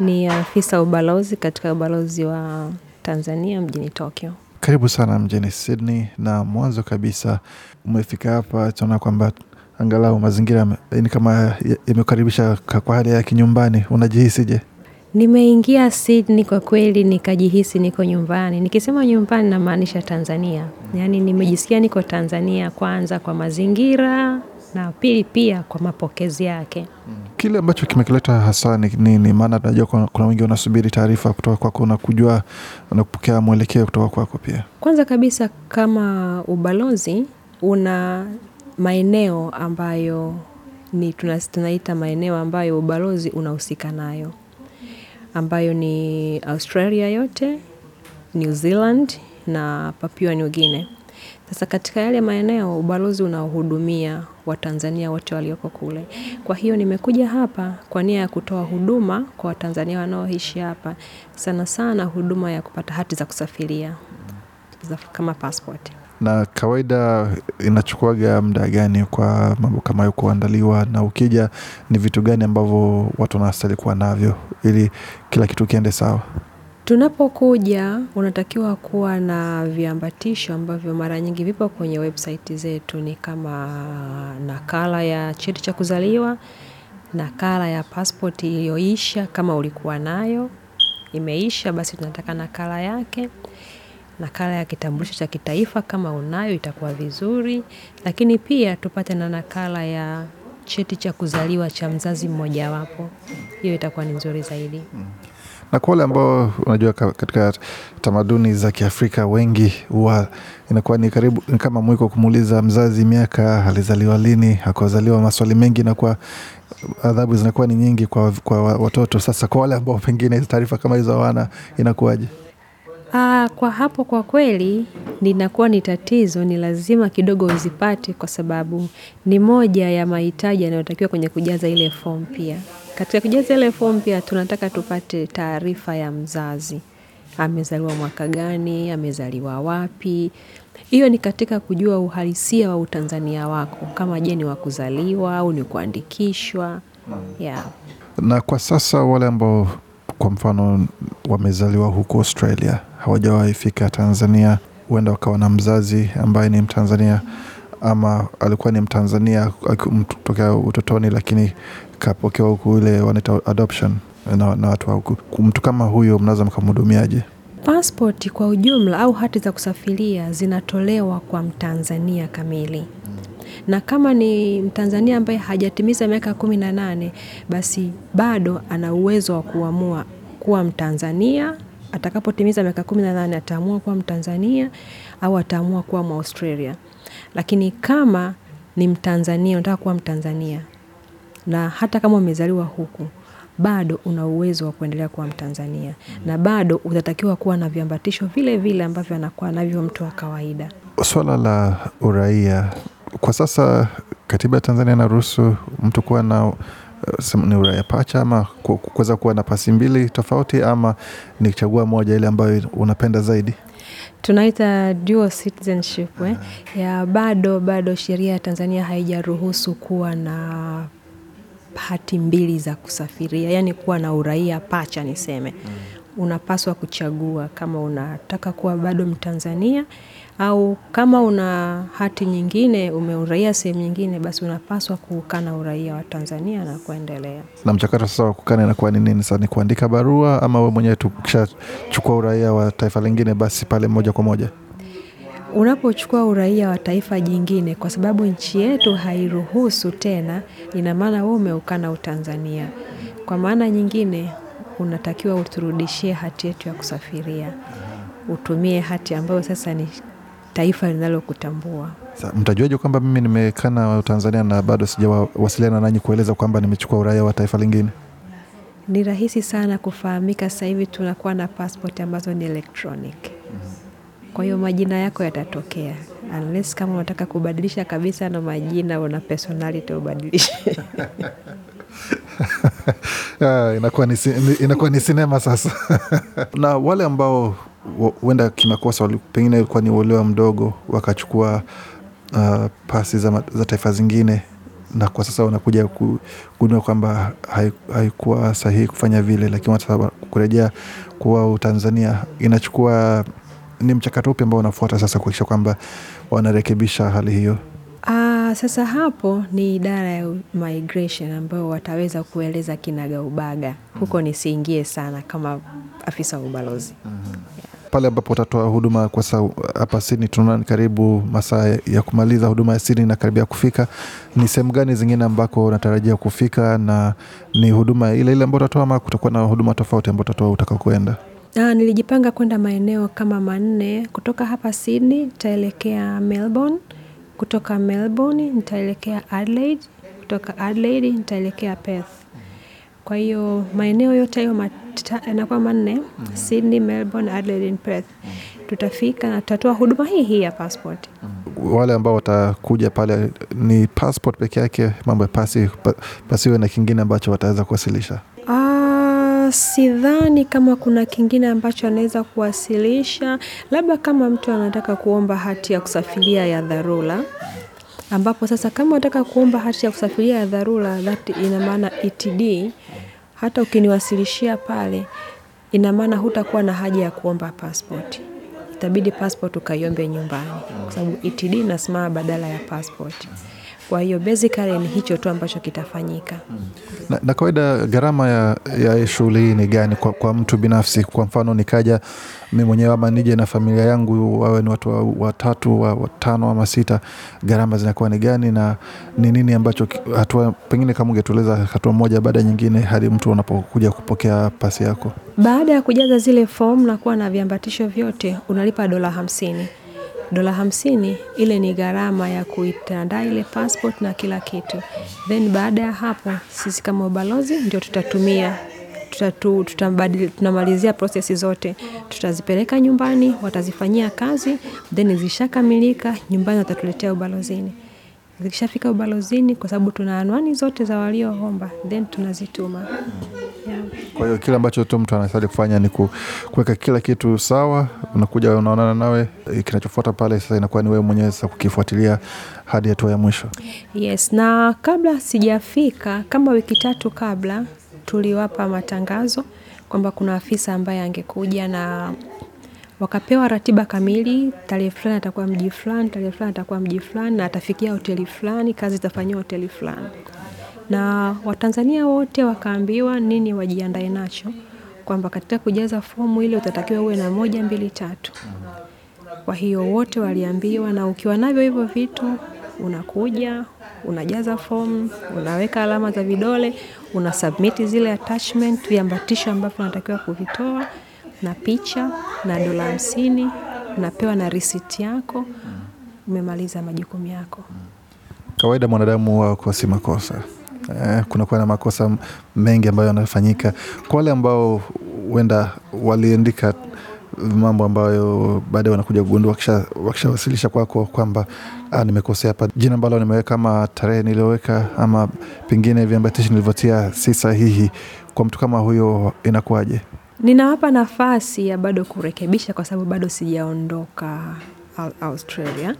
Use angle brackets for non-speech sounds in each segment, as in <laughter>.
ni uh, afisa ubalozi katika ubalozi wa Tanzania mjini Tokyo. Karibu sana mjini Sydney, na mwanzo kabisa umefika hapa, tunaona kwamba angalau mazingira ni kama yamekukaribisha kwa hali ya kinyumbani. Unajihisije? Nimeingia Sydney kwa kweli nikajihisi niko nyumbani. Nikisema nyumbani namaanisha Tanzania, yaani nimejisikia niko Tanzania kwanza, kwa mazingira na pili pia kwa mapokezi yake. Kile ambacho kimekileta hasa ni nini? Maana tunajua kuna wengi wanasubiri taarifa kutoka kwako na kujua na kupokea mwelekeo kutoka kwako pia. Kwanza kabisa, kama ubalozi una maeneo ambayo ni tunaita maeneo ambayo ubalozi unahusika nayo, ambayo ni Australia yote, New Zealand na Papua New Guinea. Sasa katika yale maeneo ubalozi unaohudumia watanzania wote walioko kule. Kwa hiyo nimekuja hapa kwa nia ya kutoa huduma kwa watanzania wanaoishi hapa. Sana sana huduma ya kupata hati za kusafiria kama passport. Na kawaida inachukuaga muda gani kwa mambo kama hayo kuandaliwa na ukija ni vitu gani ambavyo watu wanastahili kuwa navyo ili kila kitu kiende sawa. Tunapokuja, unatakiwa kuwa na viambatisho ambavyo mara nyingi vipo kwenye website zetu ni kama nakala ya cheti cha kuzaliwa, nakala ya passport iliyoisha kama ulikuwa nayo, imeisha basi tunataka nakala yake, nakala ya kitambulisho cha kitaifa kama unayo itakuwa vizuri, lakini pia tupate na nakala ya cheti cha kuzaliwa cha mzazi mmojawapo, hiyo itakuwa ni nzuri zaidi. Mm na kwa wale ambao unajua, katika tamaduni za Kiafrika wengi huwa inakuwa ni karibu ni kama mwiko kumuuliza mzazi miaka, alizaliwa lini, akazaliwa, maswali mengi, kwa adhabu zinakuwa ni nyingi kwa, kwa watoto. Sasa kwa wale ambao pengine taarifa kama hizo hawana, inakuwaje? Aa, ah, kwa hapo kwa kweli ninakuwa ni tatizo, ni lazima kidogo uzipate, kwa sababu ni moja ya mahitaji yanayotakiwa kwenye kujaza ile fomu pia. Katika kujaza ile fomu pia tunataka tupate taarifa ya mzazi. Amezaliwa mwaka gani, amezaliwa wapi. Hiyo ni katika kujua uhalisia wa utanzania wako. Kama je, ni wa kuzaliwa au ni kuandikishwa. Mm. Yeah. Na kwa sasa wale ambao kwa mfano wamezaliwa huko Australia hawajawahi fika Tanzania, huenda wakawa na mzazi ambaye ni Mtanzania ama alikuwa ni Mtanzania tokea utotoni, lakini kapokewa huku, ile wanaita adoption na, na watu wa huku. Mtu kama huyo mnaweza mkamhudumiaje? Paspoti kwa ujumla au hati za kusafiria zinatolewa kwa Mtanzania kamili na kama ni Mtanzania ambaye hajatimiza miaka kumi na nane basi bado ana uwezo wa kuamua kuwa Mtanzania. Atakapotimiza miaka kumi na nane ataamua kuwa Mtanzania au ataamua kuwa Mwaustralia. Lakini kama ni Mtanzania, unataka kuwa Mtanzania, na hata kama umezaliwa huku bado una uwezo wa kuendelea kuwa mtanzania mm. na bado utatakiwa kuwa na viambatisho vile vile ambavyo anakuwa navyo mtu wa kawaida swala la uraia kwa sasa katiba ya tanzania inaruhusu mtu kuwa na uh, ni uraia pacha ama kuweza kuwa na pasi mbili tofauti ama ni chagua moja ile ambayo unapenda zaidi tunaita dual citizenship eh? ya bado bado sheria ya tanzania haijaruhusu kuwa na hati mbili za kusafiria, yani kuwa na uraia pacha niseme mm. Unapaswa kuchagua kama unataka kuwa bado Mtanzania au kama una hati nyingine umeuraia sehemu nyingine, basi unapaswa kuukana uraia wa Tanzania na kuendelea na mchakato. Sasa wa kukana inakuwa ni nini? Sasa ni kuandika barua ama we mwenyewe tukishachukua uraia wa taifa lingine, basi pale moja kwa moja unapochukua uraia wa taifa jingine, kwa sababu nchi yetu hairuhusu tena, ina maana wewe umeukana Utanzania. Kwa maana nyingine, unatakiwa uturudishie hati yetu ya kusafiria, utumie hati ambayo sasa ni taifa linalokutambua. Mtajuaje kwamba mimi nimekana tanzania na bado sijawasiliana nanyi kueleza kwamba nimechukua uraia wa taifa lingine? Ni rahisi sana kufahamika. Sasa hivi tunakuwa na passport ambazo ni electronic. mm -hmm. Kwa hiyo majina yako yatatokea. Unless kama unataka kubadilisha kabisa na majina una personality ubadilishe. <laughs> Ah, inakuwa ni, ni sinema sasa. <laughs> na wale ambao huenda kimakosa pengine ilikuwa ni uolewa mdogo wakachukua uh, pasi za, za taifa zingine na kwa sasa wanakuja kugundua kwamba haikuwa sahihi kufanya vile, lakini sasa kurejea kuwa Utanzania inachukua ni mchakato upi ambao unafuata sasa kuhakikisha kwamba wanarekebisha hali hiyo? Aa, ah, sasa hapo ni idara ya migration ambayo wataweza kueleza kinagaubaga huko, mm-hmm. Nisiingie sana kama afisa wa ubalozi mm-hmm. yeah. Pale ambapo utatoa huduma kwa sasa hapa sini, tunaona karibu masaa ya kumaliza huduma ya sini na kufika, ni sehemu gani zingine ambako unatarajia kufika, na ni huduma ile ile ambayo utatoa ama kutakuwa na huduma tofauti ambayo utatoa utakakwenda Ah, nilijipanga kwenda maeneo kama manne, kutoka hapa Sydney, nitaelekea Melbourne, kutoka Melbourne, nitaelekea Adelaide, kutoka Adelaide, nitaelekea Perth. Kwa hiyo maeneo yote hayo yanakuwa manne, mm-hmm. Sydney, Melbourne, Adelaide, Perth. Tutafika na tutatoa huduma hii hii ya passport. Mm-hmm. Wale ambao watakuja pale ni passport peke yake, mambo ya pasi, pasiwe na kingine ambacho wataweza kuwasilisha. Ah, sidhani kama kuna kingine ambacho anaweza kuwasilisha, labda kama mtu anataka kuomba hati ya kusafiria ya dharura, ambapo sasa kama unataka kuomba hati ya kusafiria ya dharura, that ina maana ETD, hata ukiniwasilishia pale, ina maana hutakuwa na haja ya kuomba passport. Itabidi passport ukaiombe nyumbani, kwa sababu ETD inasimama badala ya passport. Kwa hiyo basically ni hicho tu ambacho kitafanyika. Na, na kawaida gharama ya, ya shughuli hii ni gani kwa, kwa mtu binafsi? Kwa mfano nikaja mi mwenyewe ama nije na familia yangu, wawe ni watu watatu wa, watano ama sita, gharama zinakuwa ni gani na ni nini ambacho hatua, pengine kama ungetueleza hatua moja baada ya nyingine hadi mtu unapokuja kupokea pasi yako? Baada ya kujaza zile fomu na kuwa na viambatisho vyote unalipa dola hamsini dola hamsini ile ni gharama ya kuitandaa ile passport na kila kitu. Then baada ya hapo sisi kama ubalozi ndio tutatumia tutatu, tunamalizia prosesi zote, tutazipeleka nyumbani, watazifanyia kazi, then zishakamilika nyumbani watatuletea ubalozini. Zikishafika ubalozini kwa sababu tuna anwani zote za walioomba then tunazituma. Kwa hiyo kile ambacho tu mtu anastahili kufanya ni kuweka kila kitu sawa, unakuja unaonana nawe, eh, kinachofuata pale sasa inakuwa ni wewe mwenyewe sasa kukifuatilia hadi hatua ya mwisho. Yes, na kabla sijafika kama wiki tatu kabla tuliwapa matangazo kwamba kuna afisa ambaye angekuja na Wakapewa ratiba kamili, tarehe fulani atakuwa mji fulani, tarehe fulani atakuwa mji fulani, na atafikia hoteli fulani, kazi zitafanyiwa hoteli fulani. Na watanzania wote wakaambiwa nini wajiandae nacho kwamba katika kujaza fomu ile utatakiwa uwe na moja mbili tatu. Kwa hiyo wote waliambiwa, na ukiwa navyo hivyo vitu unakuja unajaza fomu, unaweka alama za vidole, una zile attachment viambatisho ambavyo unatakiwa kuvitoa na picha na dola hamsini, unapewa na risiti yako, umemaliza majukumu yako. Kawaida mwanadamu huwa hakosi makosa eh, kunakuwa na makosa mengi ambayo yanafanyika kwa wale ambao huenda waliandika mambo ambayo baadaye wanakuja kugundua wakishawasilisha kwako kwamba ah, nimekosea hapa, jina ambalo nimeweka ama tarehe niliyoweka ama pengine viambatishi nilivyotia si sahihi. Kwa mtu kama huyo inakuwaje? ninawapa nafasi ya bado kurekebisha kwa sababu bado sijaondoka Australia.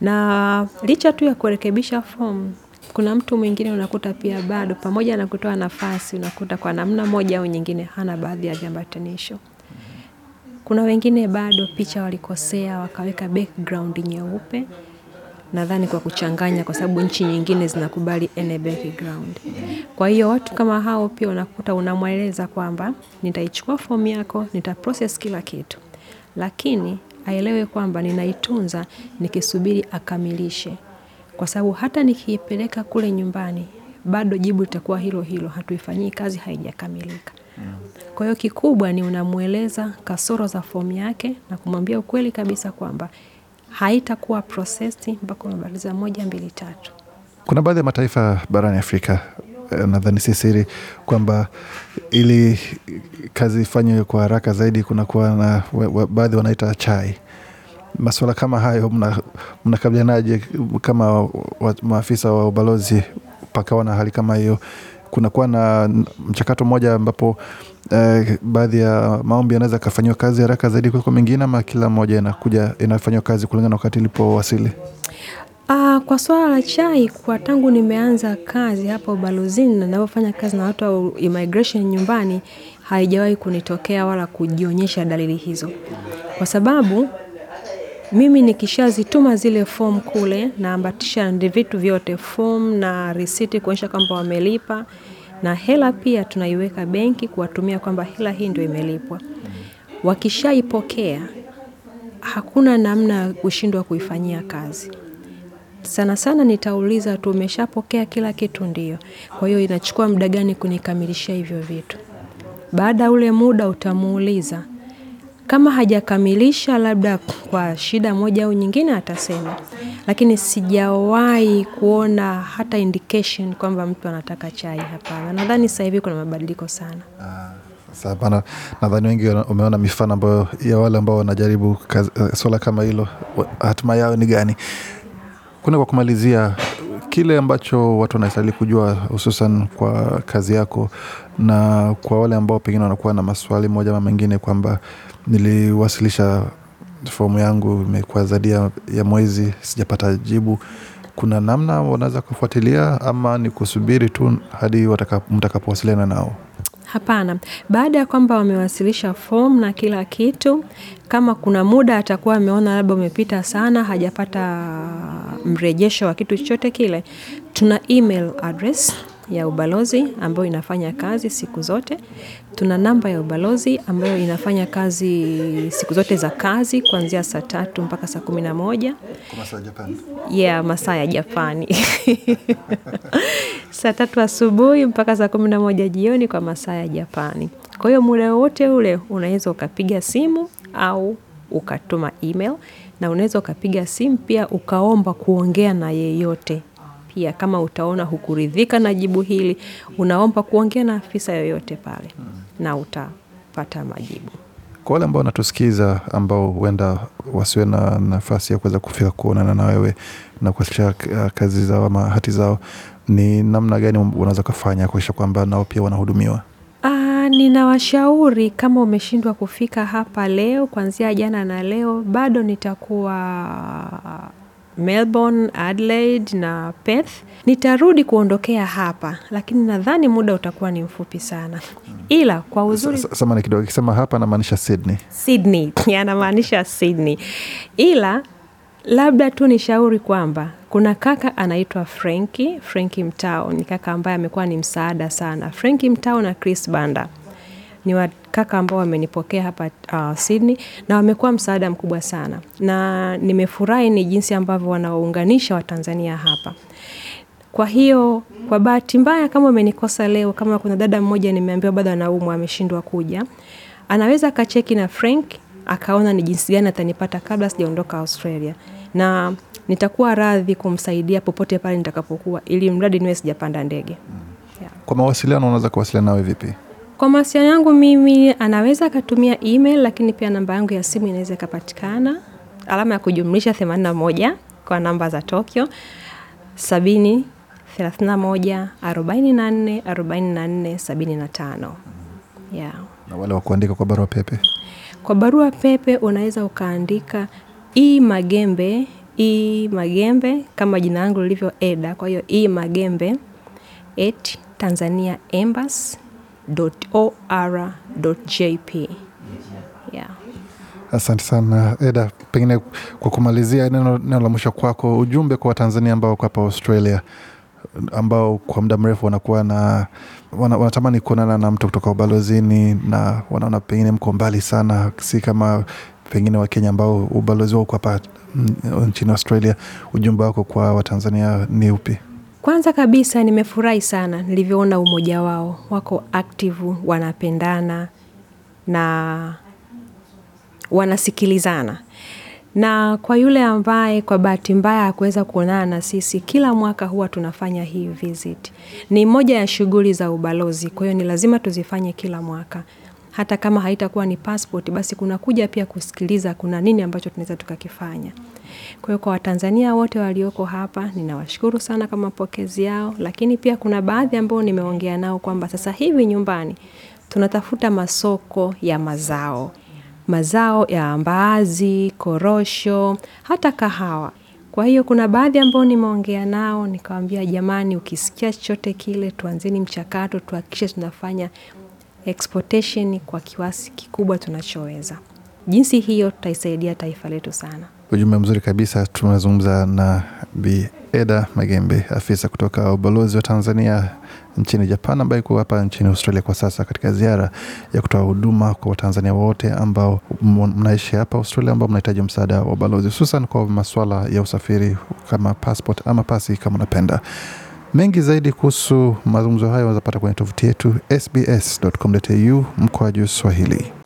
Na licha tu ya kurekebisha fomu, kuna mtu mwingine unakuta pia bado, pamoja na kutoa nafasi unakuta kwa namna moja au nyingine hana baadhi ya viambatanisho. Kuna wengine bado picha walikosea, wakaweka background nyeupe nadhani kwa kuchanganya, kwa sababu nchi nyingine zinakubali any background. Kwa hiyo watu kama hao pia unakuta unamweleza kwamba nitaichukua fomu yako, nitaprocess kila kitu, lakini aelewe kwamba ninaitunza nikisubiri akamilishe, kwa sababu hata nikiipeleka kule nyumbani bado jibu litakuwa hilo hilo, hatuifanyii kazi, haijakamilika. Kwa hiyo kikubwa ni unamweleza kasoro za fomu yake na kumwambia ukweli kabisa kwamba haitakuwa prosesi mpaka umemaliza moja mbili tatu. Kuna baadhi ya mataifa barani Afrika eh, nadhani si siri kwamba ili kazi ifanywe kwa haraka zaidi, kunakuwa na baadhi wanaita chai. Masuala kama hayo mnakabilianaje mna kama wa, maafisa wa ubalozi pakawa na hali kama hiyo? kunakuwa na mchakato mmoja ambapo eh, baadhi ya maombi yanaweza akafanyiwa kazi haraka zaidi kuliko mengine, ama kila mmoja inakuja inafanyiwa kazi kulingana na wakati ilipowasili? Uh, kwa swala la chai kwa tangu nimeanza kazi hapa ubalozini na ninavyofanya kazi na watu wa immigration nyumbani, haijawahi kunitokea wala kujionyesha dalili hizo, kwa sababu mimi nikishazituma zile fomu kule naambatisha ndi vitu vyote fomu na risiti kuonyesha kwamba wamelipa na hela pia tunaiweka benki kuwatumia kwamba hela hii ndio imelipwa. Wakishaipokea hakuna namna ya kushindwa kuifanyia kazi. Sana sana nitauliza tu umeshapokea kila kitu ndio. Kwa hiyo inachukua muda gani kunikamilishia hivyo vitu. Baada ya ule muda utamuuliza kama hajakamilisha labda kwa shida moja au nyingine atasema, lakini sijawahi kuona hata indication kwamba mtu anataka chai hapana. Nadhani sasa hivi kuna mabadiliko sana. Ah, hapana, nadhani wengi umeona mifano ambayo ya wale ambao wanajaribu eh, swala kama hilo, hatima yao ni gani? Kuna kwa kumalizia kile ambacho watu wanastahili kujua hususan kwa kazi yako na kwa wale ambao pengine wanakuwa na maswali moja ama mengine kwamba Niliwasilisha fomu yangu imekuwa zaidi ya mwezi sijapata jibu. Kuna namna wanaweza kufuatilia ama ni kusubiri tu hadi mtakapowasiliana nao? Hapana, baada ya kwamba wamewasilisha fomu na kila kitu, kama kuna muda atakuwa ameona labda umepita sana, hajapata mrejesho wa kitu chochote kile, tuna email address ya ubalozi ambayo inafanya kazi siku zote. Tuna namba ya ubalozi ambayo inafanya kazi siku zote za kazi kuanzia saa tatu mpaka saa kumi na moja. Kwa masaa ya Japani? Yeah, masaa ya Japani. <laughs> Saa tatu asubuhi mpaka saa kumi na moja jioni kwa masaa ya Japani. Kwa hiyo muda wowote ule unaweza ukapiga simu au ukatuma email na unaweza ukapiga simu pia ukaomba kuongea na yeyote pia kama utaona hukuridhika na jibu hili, unaomba kuongea na afisa yoyote pale na utapata majibu. Kwa wale ambao wanatusikiza ambao huenda wasiwe na nafasi ya kuweza kufika kuonana na wewe na kuwasilisha eh, kazi zao ama hati zao, ni namna gani unaweza kufanya kuakisha kwamba nao pia wanahudumiwa? Ah, ninawashauri kama umeshindwa kufika hapa leo, kuanzia jana na leo bado nitakuwa Melbourne, Adelaide na Perth. Nitarudi kuondokea hapa, lakini nadhani muda utakuwa ni mfupi sana, hmm. ila kwa uzuri samani kidogo. Akisema hapa anamaanisha Sydney, Sydney <laughs> anamaanisha Sydney, ila labda tu ni shauri kwamba kuna kaka anaitwa Frenki, Frenki Mtao ni kaka ambaye amekuwa ni msaada sana. Frenki Mtao na Chris Banda ni wakaka ambao wamenipokea hapa uh, Sydney na wamekuwa msaada mkubwa sana, na nimefurahi ni jinsi ambavyo wanawaunganisha Watanzania hapa. Kwa hiyo kwa bahati mbaya, kama umenikosa leo, kama kuna dada mmoja nimeambiwa bado anaumwa ameshindwa kuja, anaweza akacheki na Frank akaona ni jinsi gani atanipata kabla sijaondoka Australia, na nitakuwa radhi kumsaidia popote pale nitakapokuwa, ili mradi niwe sijapanda ndege. Yeah. Kwa mawasiliano unaweza kuwasiliana nawe vipi? Kwa mawasiliano yangu mimi anaweza akatumia email lakini pia namba yangu ya simu inaweza ikapatikana. Alama ya kujumlisha 81 kwa namba za Tokyo. Sabini, thelathini na Na wale wa kuandika kwa barua pepe? Kwa barua pepe unaweza ukaandika i magembe, i magembe kama jina langu lilivyo Eda. Kwa hiyo i magembe at Tanzania Embassy www.or.jp. Yeah. Asante sana Eda, pengine kwa kumalizia, neno, neno la mwisho kwako, ujumbe kwa Watanzania ambao wako hapa Australia ambao kwa muda mrefu wanakuwa na wana, wanatamani kuonana na mtu kutoka ubalozini na wanaona pengine mko mbali sana, si kama pengine Wakenya ambao ubalozi wao uko hapa mm, nchini Australia. Ujumbe wako kwa Watanzania ni upi? Kwanza kabisa nimefurahi sana, nilivyoona umoja wao, wako aktivu, wanapendana na wanasikilizana. Na kwa yule ambaye kwa bahati mbaya hakuweza kuonana na sisi, kila mwaka huwa tunafanya hii visit. Ni moja ya shughuli za ubalozi, kwa hiyo ni lazima tuzifanye kila mwaka. Hata kama haitakuwa ni passport, basi kunakuja pia kusikiliza kuna nini ambacho tunaweza tukakifanya. Kwa hiyo kwa Watanzania wote walioko hapa ninawashukuru sana kwa mapokezi yao, lakini pia kuna baadhi ambao nimeongea nao kwamba sasa hivi nyumbani tunatafuta masoko ya mazao, mazao ya mbaazi, korosho, hata kahawa. Kwa hiyo kuna baadhi ambao nimeongea nao nikawambia, jamani, ukisikia chochote kile, tuanzeni mchakato, tuhakikishe tunafanya exportation kwa kiwasi kikubwa tunachoweza. Jinsi hiyo tutaisaidia taifa letu sana. Ujumbe mzuri kabisa. Tumezungumza na Bi Eda Magembe, afisa kutoka ubalozi wa Tanzania nchini Japan, ambaye iko hapa nchini Australia kwa sasa katika ziara ya kutoa huduma kwa Watanzania wote ambao mnaishi hapa Australia, ambao mnahitaji msaada wa ubalozi, hususan kwa maswala ya usafiri kama passport ama pasi kama unapenda. Mengi zaidi kuhusu mazungumzo hayo wazapata kwenye tovuti yetu sbs.com.au mkoa juu Swahili.